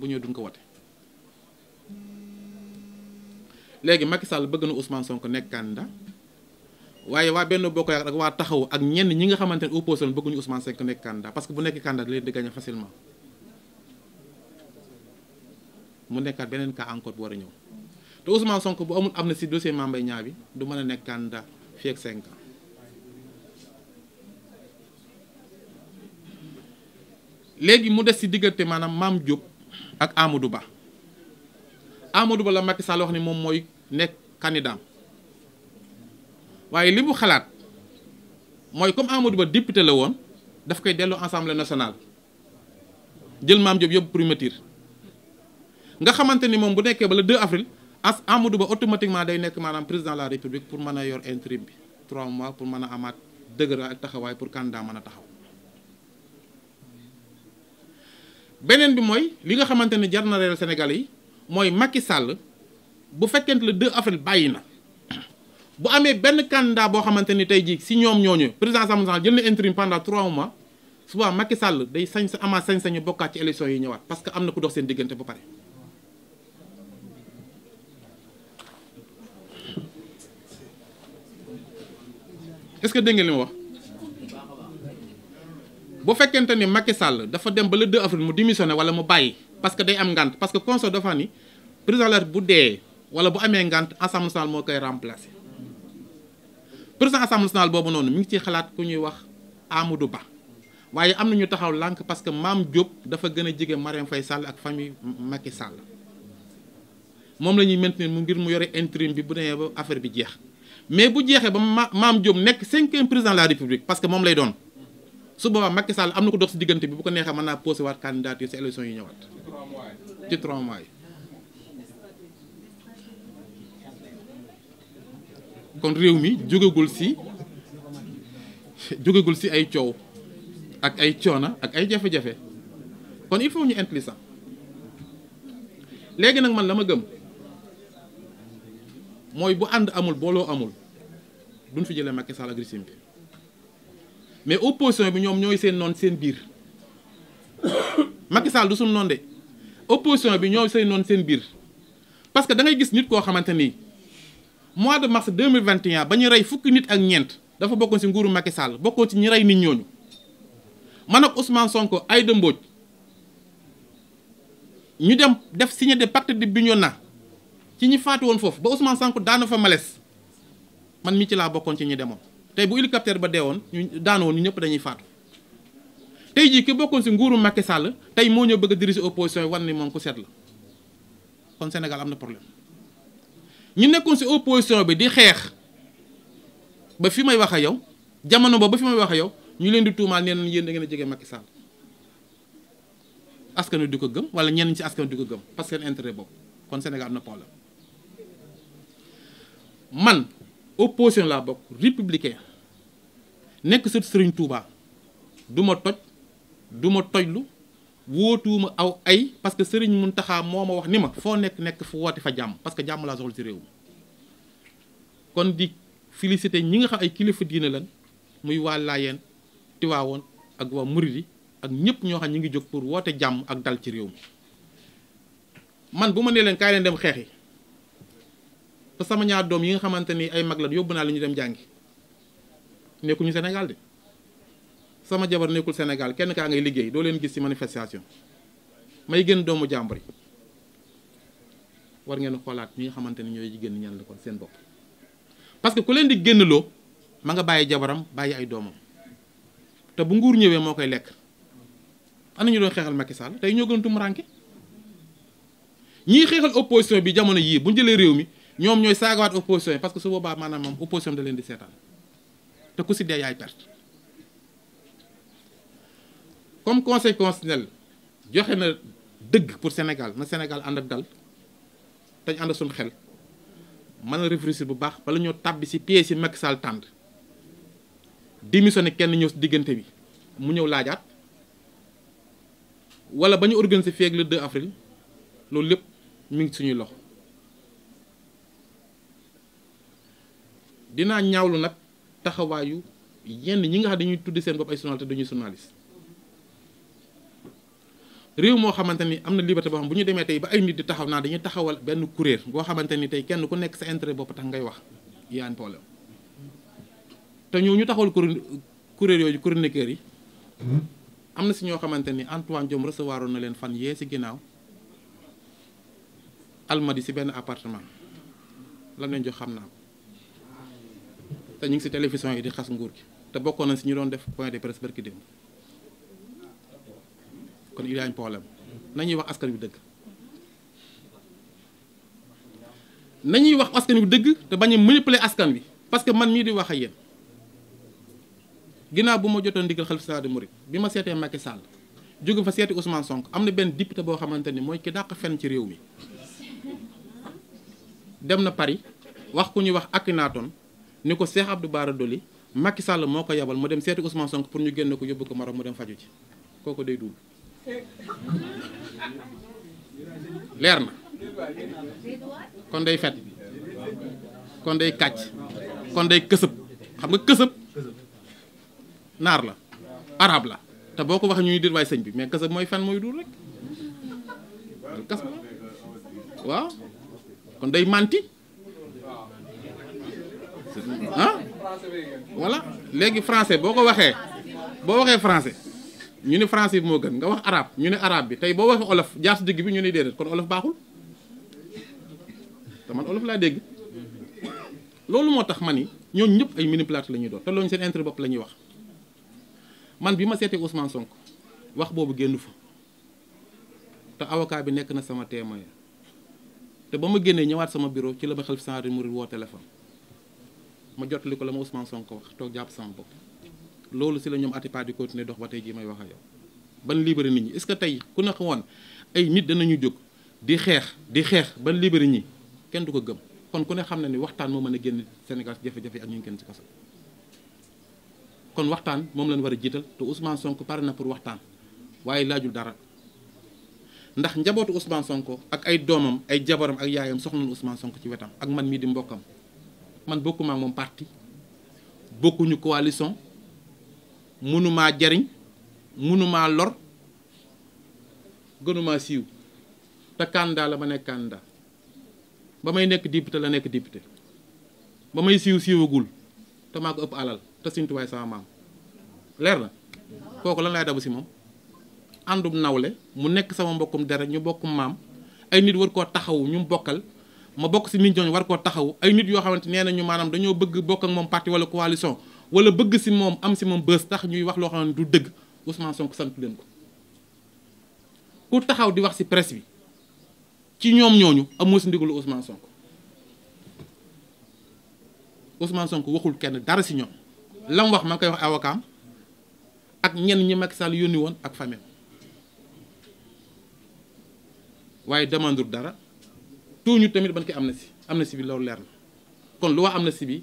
bu ñëwee duñ ko wote léegi Macky bëgg na Ousmane Sonko nekk candidat waaye waa benn bokk yaakaar ak waa taxaw ak ñenn ñi nga xamante ne opposition bëgguñu Ousmane Sonko nekk candidat parce que bu nekk candidat leen di gagné facilement mu nekkaat beneen ka encore bu war a ñëw te Ousmane Sonko bu amul am na si dossier Mame Mbaye Niang bi du mën a nekk candidat fii ak 5 léegi mu des si diggante maanaam maam jóg ak Amadou Ba Amadou Ba la Macky Sall wax ni moom mooy nekk candidat waaye li mu xalaat mooy comme Amadou Ba député la woon daf koy delloo assemblée national jël maam Diop yóbbu primature nga xamante ni moom bu nekkee ba le 2 avril as Amadou Ba automatiquement day nekk maanaam président la république pour mën a yor intérim bi 3 pour mën a amaat dëgëra ak taxawaay pour candidat mën a taxaw. beneen bi mooy li nga xamante ne jar na réel senegal yi mooy Macky sàll bu fekkente le 2 avril bàyyi na bu amee benn candidat boo xamante ni tey jii si ñoom ñooñu président Assemblée nationale jël na intérim pendant 3 mois souvent Macky Sall day sañ sa amaat sañ-sañu bokkaat ci élection yi ñëwaat parce que am na ku dox seen diggante ba pare. que dégg ngeen wax. bu fekkente ni Macky Sall dafa dem ba le 2 avril mu démissionné wala mu bàyyi parce que day am ngant parce que conseil dafa ni président la bu dee wala bu amee ngant assemblée nationale moo koy remplacé président assemblée nationale boobu noonu mi ngi ciy xalaat ku ñuy wax Amadou Ba waaye am na ñu taxaw lànk parce que Mame Diop dafa gën a jege Marème Faye Sall ak famille Macky Sall moom la ñuy maintenir mu ngir mu yore bi bu demee ba affaire bi jeex mais bu jeexee ba Mame Diop nekk cinquième président de la république parce que moom lay doon. su boobaa Macky Sall am na ko dox si diggante bi bu ko neexee mën naa posé waat candidature si élection yi ñëwaat ci trois mois yi kon réew mi jógagul si jógagul si ay coow ak ay coona ak ay jafe-jafe kon il faut ñu intelligent léegi nag man la ma gëm mooy bu ànd amul booloo amul duñ fi jëlee Macky Sall ak régime bi mais opposition bi ñoom ñooy seen noon seen biir Macky Sall du suñu noon de opposition bi ñooy seen noon seen biir parce que da ngay gis nit koo xamante ni mois de mars 2021 ba ñu rey fukki nit ak ñeent dafa bokkoon ci nguuru Macky Sall bokkoon ci ñi rey nit ñooñu man ak Ousmane Sonko ay Mbodj ñu dem def signé de pacte de na ci ñi faatu woon foofu ba Ousmane Sonko daana fa malaise man mi ci laa bokkoon ci ñu demoon tey bu hélicoptère ba dee woon ñu daanu woon ñëpp dañuy faatu tey jii ki bokkoon si nguuru Macky sàll tey moo ñëw bëgg a diriger opposition yi wan ni moom ku seet la kon Sénégal am na problème ñu nekkoon si opposition bi di xeex ba fi may wax a yow jamono boobu ba fi may wax a yow ñu leen di tuumaal neen yéen da ngeen a jege Macky Sall aska wi du ko gëm wala ñenn ci askan di ko gëm parce que intere intérêt boobu kon Sénégal am na problème man. opposition laa bokk républicain nekk sët sëriñ Touba du ma toj du ma tojlu wóotuwuma aw ay parce que sëriñ taxaa moo ma wax ni ma foo nekk nekk fu woote fa jàmm parce que jàmm laa soxla ci réew mi kon di félicité ñi nga xam ay kilifa diine lan muy waa Laayeen Tiwaawoon ak waa Muridi ak ñëpp ñoo xam ñu ngi jóg pour woote jàmm ak dal ci réew mi man bu ma nee leen kaay leen dem xeexi te sama ñaar doom yi nga xamante ni ay mag la yóbbu naa li ñu dem jàngi nekkuñu Sénégal de sama jabar nekkul Sénégal kenn kaa ngay liggéey doo leen gis ci manifestation may gën doomu jàmbur yi war ngeen xoolaat ñi nga xamante ni ñooy jigéen ñan la kon seen bopp. parce que ku leen di génn loo ma nga bàyyi jabaram bàyyi ay doomam te bu nguur ñëwee moo koy lekk ana ñu doon xeexal Macky Sall tey ñoo gën tum ñii ñiy xeexal opposition bi jamono yii bu jëlee réew mi. ñoom ñooy saagawaat opposition yi parce que su boobaa maanaam moom opposition da leen di seetaan te ku si dee yaay perte comme conseil constitutionnel joxe na dëgg pour Sénégal na Sénégal ànd ak dal tañ ànd suñu xel mën a réfléchir bu baax bala ñoo tàbbi si pied si Macky Sall tànd démissionné kenn ñëw si diggante bi mu ñëw laajaat wala ba ñu organiser feeg le 2 avril loolu lépp mu ngi suñuy loxo. dinaa ñaawlu nag taxawaayu yenn ñi nga xam dañuy tudd seen bopp ay journaliste duñuy journaliste réew moo xamante ni am na liberté boo xam bu ñu demee tey ba ay nit di taxaw naa dañuy taxawal benn kuréel boo xamante ni tey kenn ku nekk sa intérêt bopp tax ngay wax yaa am problème te ñoo ñu taxawal kuréel kuréel yooyu chroniqueurs yi am na si ñoo xamante ni Antoine Diome recevoir na leen fan yee si ginnaaw almadi si benn appartement lam leen jox xam naa te ñu ngi si télévision yi di xas nguur gi te bokkoon nañ si ñu doon def point de presse barki démb kon il y nañuy wax askan wi dëgg nañuy wax askan wi dëgg te bañ a manipuler askan wi parce que man mii di wax ak yéen ginnaaw bu ma jotoon ndigal xalifa général des mourides bi ma seetee Macky Sall jóge fa seeti Ousmane sonk am na benn député boo xamante ni mooy ki dàq fenn ci réew mi dem na Paris wax ku ñuy wax Akhenaton ni ko Cheikh Abdou Bara Dolly Macky Sall moo ko yabal mu dem seeti Ousmane Sonko pour ñu génn ko yóbbu ko Maroc mu dem faju ci kooku day dugg leer na kon day fet kon day kàcc kon day kësëb xam nga kësëb naar la arab la te boo ko waxee ñuy dir waay sëñ bi mais kësëb mooy fen mooy duur rek kas waaw kon day manti ah voilà léegi français boo ko waxee boo waxee français ñu ni français bi moo gën nga wax arabe ñu ne arabe bi tey boo waxee olof jaas digg bi ñu ne déedéet kon olof baaxul te man olof laa dégg loolu moo tax ma ni ñoom ñëpp ay miniplate la ñuy doon te loolu seen intérêt bopp la ñuy wax man bi ma seetee Ousmane sonk wax boobu génn fa te avocat bi nekk na sama témoin te ba ma génnee ñëwaat sama bureau ci la ma xel fi sànqal mu woo téléphone. ma jottali ko la ma Ousmane Sonko wax toog jàpp sama bopp loolu si la ñoom Atepa di continuer dox ba tey jii may wax ak yow ban libéré nit ñi est-ce que tey ku ne woon ay nit danañu jóg di xeex di xeex ban libéré ñi kenn du ko gëm kon ku ne xam na ni waxtaan moo mën a génn Sénégal si jafe-jafe ak ñu ngi kenn si kaso kon waxtaan moom lañ war a jiital te Ousmane sonk pare na pour waxtaan waaye laajul dara ndax njabootu Ousmane Sonko ak ay doomam ay jabaram ak yaayam soxla na Ousmane Sonko ci wetam ak man mii di mbokkam man bokkuma moom parti bokkuñu coalition mënumaa jariñ mënumaa lor gënumaa siiw te candidat la ma nekk candidat ba may nekk député la nekk député ba may siiw siiwagul te maa ko ëpp alal te sintuwaay sama maam leer na kooku lan laay dabu si moom àndum nawle mu nekk sama mbokkum deret ñu bokkum maam ay nit war koo taxawu ñu bokkal ma bokk si nit ñooñu war koo taxaw ay nit yoo xamante nee nañu maanam dañoo bëgg bokk ak moom parti wala wala bëgg si moom am si moom bës tax ñuy wax loo xam ne du dëgg Ousmane Sonko sant leen taxaw di wax si presse bi ci ñoom ñooñu amoo si ndigalu Ousmane Sonko waxul kenn dara si ñoom lam wax ma koy wax avocat ak ñenn ñi Macky Sall yónni woon ak famille waaye demandul dara tuuñu tamit ban koy amnistie amnistie bi loolu leer na kon am na si bi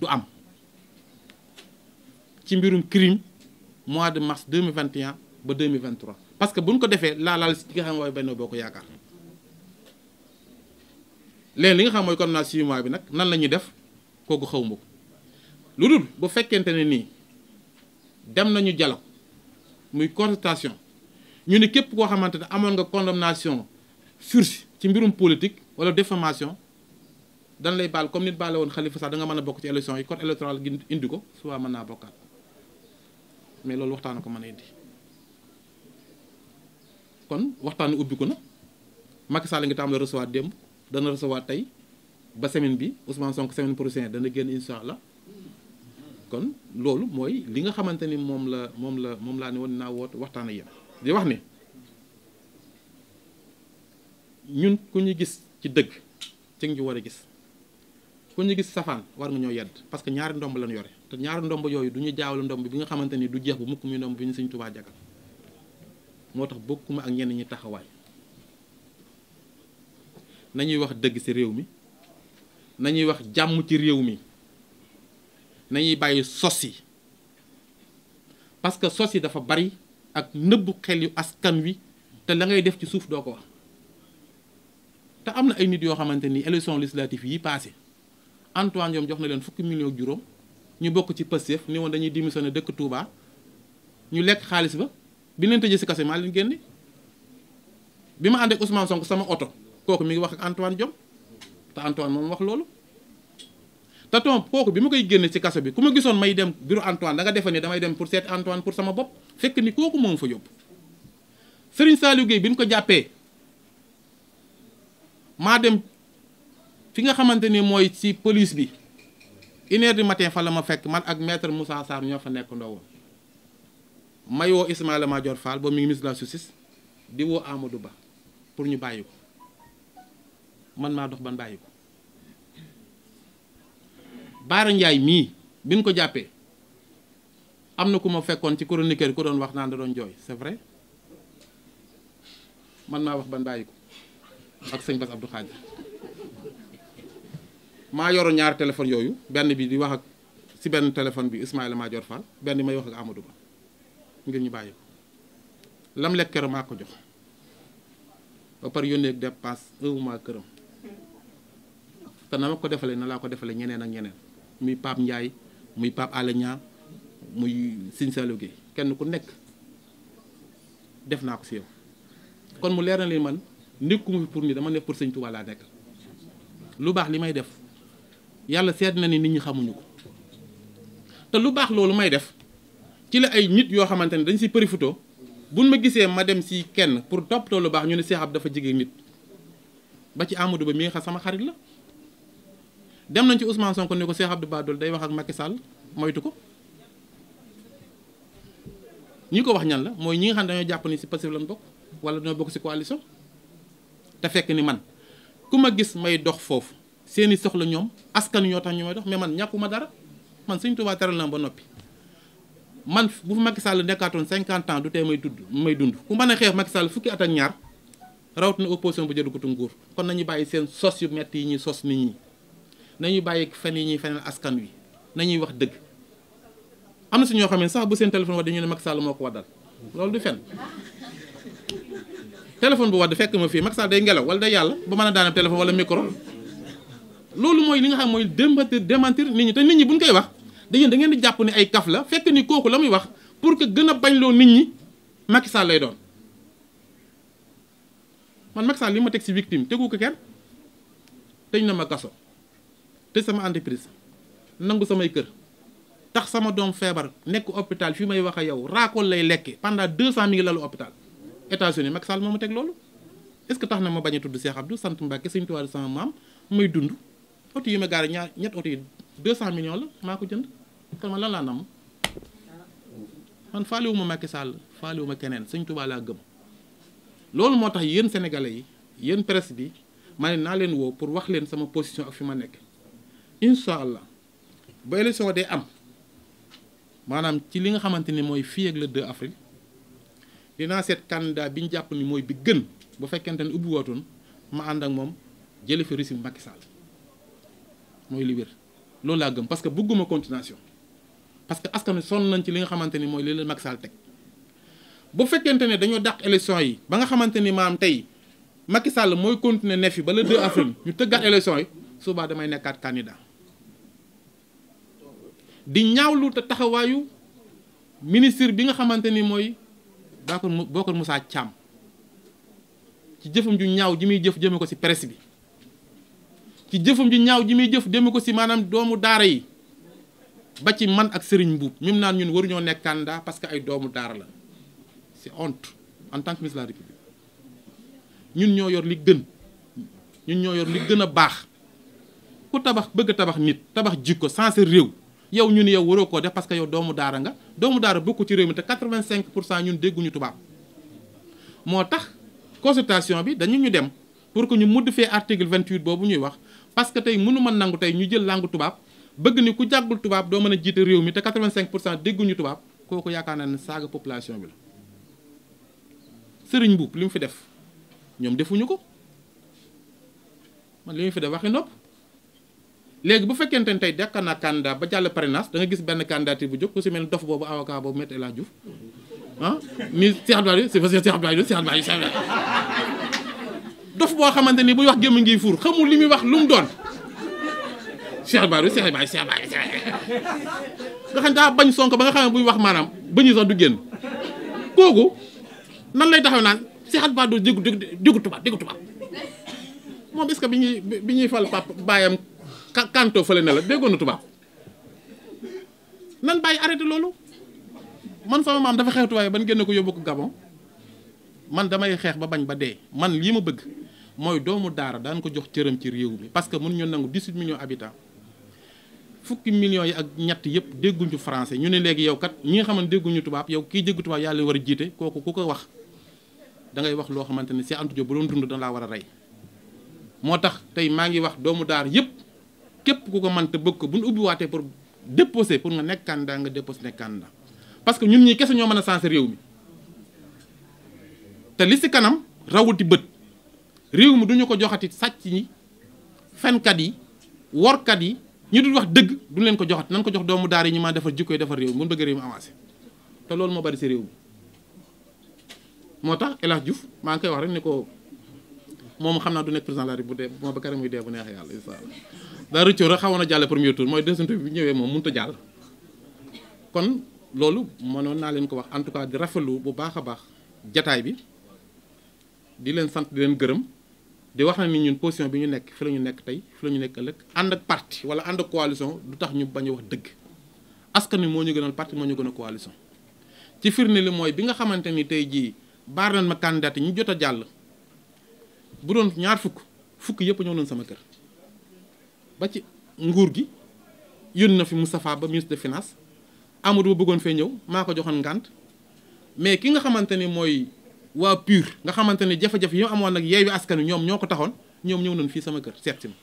du am ci mbirum crime mois de mars 2021 ba 2023 parce que buñ ko defee laalaal si nga xam ne mooy Benno Bokk Yaakaar léegi li nga xam mooy condamnation si mois bi nag nan la ñuy def kooku xaw ma lu dul bu fekkente ne nii dem nañu dialogue muy consultation ñu ne képp koo xamante ne amoon nga condamnation sursis ci mbirum politique wala déformation dan lay baal comme nit baale woon xalifa sax da nga mën a bokk ci élection yi code électoral gi indi ko suba mën naa bokkaat mais loolu waxtaan a ko mën a indi kon waxtaan ubbi ko na Macky Sall ngi tam la recevoir démb dana recevoir tey ba semaine bi Ousmane Sonko semaine prochaine dana génn incha la kon loolu mooy li nga xamante ni moom la moom la moom laa ne woon naa woot waxtaan ak yéen di wax ne ñun ku ñu gis ci dëgg ci ñu war a gis ku ñu gis safaan war nga ñoo yedd parce que ñaari ndomb lañ yore te ñaari ndomb yooyu du ñu jaawale ndomb bi nga xamante ni du jeex bu mukk muy ndomb bi ñu Sëñ Tuubaa jagal moo tax bokkuma ak ñenn ñi taxawaay nañuy wax dëgg ci réew mi nañuy wax jàmm ci réew mi nañuy bàyyi sos yi parce que sos yi dafa bari ak nëbbu xel yu askan wi te la ngay def ci suuf doo ko wax te am na ay nit yoo xamante ni élection législative yi passé Antoine jox na leen fukki million ak juróom ñu bokk ci Pastef ni woon dañuy démissionné dëkk Touba ñu lekk xaalis ba bi leen tëjee si kase ma leen génne bi ma àndee ak Ousmane Sonko sama oto kooku mi ngi wax ak Antoine Diome te Antoine moom wax loolu te ton kooku bi ma koy génne ci kaso bi ku ma gisoon may dem bureau Antoine da nga defe ne damay dem pour seet Antoine pour sama bopp fekk ni kooku moom fa ko jàppee maa dem fi nga xamante ni mooy si police bi une heure du matin fa la ma fekk man ak maître Moussa Sarr ñoo fa nekk ndaw woon may woo Ismaïla Madior Fall ba mu ngi ministre de la justice di woo Amadou Ba pour ñu bàyyi ko man maa dox ban bàyyi ko Baara Ndiaye mii bi ñu ko jàppee am na ku ma fekkoon ci chroniqueur ku doon wax naa da doon jooy c'est vrai man maa wax ban bàyyi ko ak sëñ Bass Abdou Khadre maa yoro ñaari téléphone yooyu benn bi di wax ak si benn téléphone bi Ismaïla Madior Fall benn may wax ak Amadou Ba ngir ñu bàyyi ko lam lekk këram maa ko jox ba pare yónnee ak dépasse këram te na ma ko defalee na laa ko defalee ñeneen ak ñeneen muy Pape Ndiaye muy Pape Alé Niang muy Sine Saliou Guèye kenn ku nekk def naa ko si yow kon mu leer na li man nekkuma fi pour ni dama nekk pour sëñ Tuubaa laa nekk lu baax li may def yàlla seet na ni nit ñi xamuñu ko te lu baax loolu may def ci la ay nit yoo xamante ne dañ si përifutoo buñ ma gisee ma dem si kenn pour topp too lu baax ñu ne Cheikh dafa jege nit ba ci Amadou Ba mi nga xam sama xarit la dem nañ ci Ousmane Sonko ne ko Cheikh Abdou Badol day wax ak Macky Sall moytu ko ñi ko wax ñan la mooy ñi nga xam ne dañoo jàpp ni si Pastef lañ bokk wala dañoo bokk si coalition te fekk ni man ku ma gis may dox foofu seeni soxla ñoom askan yoo tax ñu may dox mais man ñàkkuma dara man Sëñ Tuubaa teral na ba noppi man bu fi Macky nekkaatoon cinquante ans du tey may dudd may dund ku mën a xeex Macky Sall fukki at ñaar rawat na opposition bu jëdu kutu nguur kon nañu bàyyi seen sos yu metti yi ñuy sos nit ñi nañu bàyyi fen yi ñuy feneen askan wi nañuy wax dëgg am na si ñoo xam ne sax bu seen téléphone wax dañu ne Macky moo ko dal loolu du fen téléphone bu da fekk ma fii Macky Sall day ngelaw wala day yàlla ba mën a daanam téléphone wala micro loolu mooy li nga xam mooy démentir démentir nit ñi te nit ñi buñ koy wax da yéen da ngeen di jàpp ni ay kaf la fekk ni kooku la muy wax pour que gën a bañ loo nit ñi Macky Sall lay doon man Macky Sall li ma teg si victime tegu ko kenn tëj na ma kaso te sama entreprise nangu samay kër tax sama doom feebar nekk hôpital fi may wax a yow raakool lay lekke pendant deux cent mi ngi lalu hôpital États-Unis Macky Sall moo teg loolu est-ce que tax na ma bañ a tudd Cheikh Abdou sant Mbacke sëñ Tuubaa sama maam may dund oto yu ma gaari ñaar ñett oto yi 200 millions la maa ko jënd kon man lan laa nam man faalewuma Macky Sall faalewuma keneen sëñ Tuubaa laa gëm loolu moo tax yéen sénégalais yi yéen presse bi ma ne naa leen woo pour wax leen sama position ak fi ma nekk incha allah ba élection dee am maanaam ci li nga xamante ni mooy fii ak le 2 avril dinaa seet candidat bi ñu jàpp ni mooy bi gën bu fekkente ne ubbi wootoon ma ànd ak moom jële fi régime Macky Sall mooy li loolu laa gëm parce que bëgguma continuation parce que askan wi nañ ci li nga xamante ni mooy li leen Macky teg bu fekkente ne dañoo dàq élection yi ba nga xamante ni maam tey Macky Sall mooy continuer ne fi ba le ñu tëggaat élection yi suba damay nekkaat candidat di ñaawlu te taxawaayu ministre bi nga xamante ni mooy Bakar Bocar Moussa Thiam ci jëfam ju ñaaw ji muy jëf jëme ko ci presse bi ci jëfam ju ñaaw ji muy jëf jëme ko ci maanaam doomu daara yi ba ci man ak sëriñ Mbuub même naan ñun waruñoo nekk candidat parce que ay doomu daara la c'est ont en tant que ministre de la République ñun ñoo yor li gën ñun ñoo yor li gën a baax ku tabax bëgg tabax nit tabax ko sensé réew yow ñu ne yow waroo koo def parce que yow doomu daara nga doomu daara bokku ci réew mi te 85 pour cent ñun dégguñu tubaab moo tax consultation bi dañu ñu dem pour que ñu mudd fee article 28 boobu ñuy wax parce que tey mënu ma nangu tey ñu jël langue tubaab bëgg ni ku jàggul tubaab doo mën a jiite réew mi te 85 pour cent dégguñu tubaab kooku yaakaar naa ne saaga population bi la sëriñ buub li mu fi def ñoom defuñu ko man li mu fi def waxi nopp léegi bu fekkente ne tey dekka naa candidat ba jàll parrainage da nga gis benn candidature bu jóg ku si mel dof boobu avocat boobu Maître El Hadji Diouf ah mi Cheikh Abdoulaye c'est dof boo xamante ni buy wax gémmiñ ngi fuur xamul li muy wax lu mu doon Cheikh Abdoulaye Cheikh Abdoulaye Cheikh Abdoulaye nga xam daa bañ Sonko ba nga buy wax maanaam ba ñu sax du kooku nan lay taxaw naan Cheikh Abdoulaye Diouf déggu déggu tubaab déggu tubaab moom est que ñuy bi ñuy fal pap baayam kanto fële ne la déggoon na tubaab nan bàyyi arrêté loolu man sama maam dafa xew tubaab ban génne ko yóbbu ko Gabon man damay xeex ba bañ ba dee man lii ma bëgg mooy doomu daara daan ko jox cëram ci réew mi parce que mën ñu nangu 18 millions habitants fukki millions yi ak ñett yëpp dégguñu français ñu ne léegi yow kat ñi nga xaman dégguñu tubaab yow kii déggu tubaab yàlla war a jiite kooku ku ko wax da ngay wax loo xamante ne si Anta Diop bu doon dund da laa war a rey moo tax tey maa ngi wax doomu daar yëpp képp ku ko mën te bëgg ko bu ñu ubbiwaatee pour déposer pour nga nekk candidat nga déposer nekkaan candidat parce que ñun ñii kese ñoo mën a sensé réew mi te li si kanam rawuti bët réew mi duñu ko joxati sàcc yi fenkat yi workat yi ñu dul wax dëgg du leen ko joxati nan ko jox doomu daara yi ñu maa defar jikkoy defar réew mi bu ñu bëgg réew mi avancé te loolu moo bari si réew mi moo tax El Hadj Diouf maa ngi koy wax rek ne ko moom xam naa du nekk président de la République yàlla incha allah daa rëccoon a jàll premier tour mooy deuxième tour bi ñëwee moom mënut jàll kon loolu mënoon naa leen ko wax en tout cas di rafetlu bu baax a baax jataay bi di leen sant di leen gërëm di wax na ni ñun position bi ñu nekk fi la ñu nekk tey fi la ñu nekk ëllëg ànd ak parti wala ànd ak coalition du tax ñu bañ wax dëgg askani moo ñu gënal parti moo ñu gën a coalition ci firnde li mooy bi nga xamante ni tey jii baar nañ ma candidat ñu jot a jàll bu doon ñaar fukk fukk yëpp ñëw sama kër ba ci nguur gi yónni na fi Moustapha Ba ministre de finance Amadou Ba bëggoon fee ñëw maa ko joxoon ngànt mais ki nga xamante ni mooy waa PUR nga xamante ne jafe-jafe yi amoon nag askan wi ñoom ñoo ko taxoon ñoom ñëw nañ fii sama kër seet si ma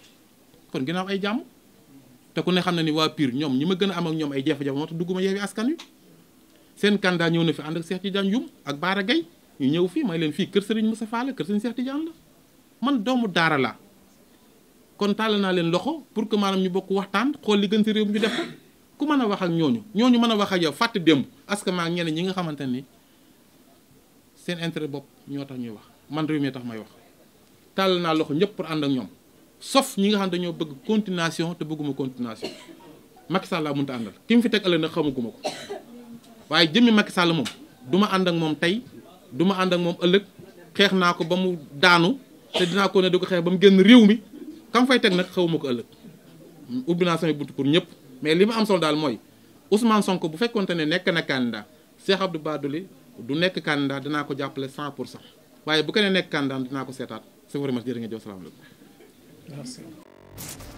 kon ginnaaw jàmm te ku xam na ni waa ñoom ñi ma gën a am ak ñoom ay jafe-jafe moo tax dugguma yeewi askan wi seen candidat ñëw na fi ànd ak Cheikh Tidiane Youm ak Baara ñu ñëw fii may leen fii kër Serigne Moussa Fall kër Serigne Cheikh Tidiane la man doomu daara laa kon tàllal naa leen loxo pour que maanaam ñu bokk waxtaan xool li gën ci réew mi ñu def ku mën a wax ak ñooñu ñooñu mën a wax ak yow fàtte démb askan ak ñeneen ñi nga xamante ni seen intérêt bopp ñoo tax ñuy wax man réew mi tax may wax tàllal naa loxo ñëpp pour ànd ak ñoom sof ñi nga xam dañoo bëgg contination te bëgguma continuation Macky Sall laa mënut a mu fi teg ëllëg nag xamaguma ko waaye jëmmi Macky Sall moom du ma ànd ak moom tey du ma ànd ak moom ëllëg xeex naa ko ba mu daanu te dinaa ko ne du ko xeex ba mu génn réew mi. kam fay teg nag xaw ma ko ëllëg ubbi naa samay buntu pour ñëpp mais li ma am solo daal mooy Ousmane sonk bu fekkonte ne nekk na candidat Cheikh Abdou Badoli du nekk candidat dinaa ko jàppale 100 pour cent waaye bu ko nee nekk candidat dinaa ko seetaat c'est vraiment jërë nga jëf la merci